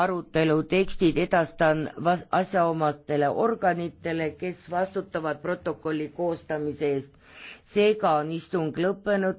arutelu tekstid edastan vas-, asjaomastele organitele, kes vastutavad protokolli koostamise eest. seega on istung lõppenud.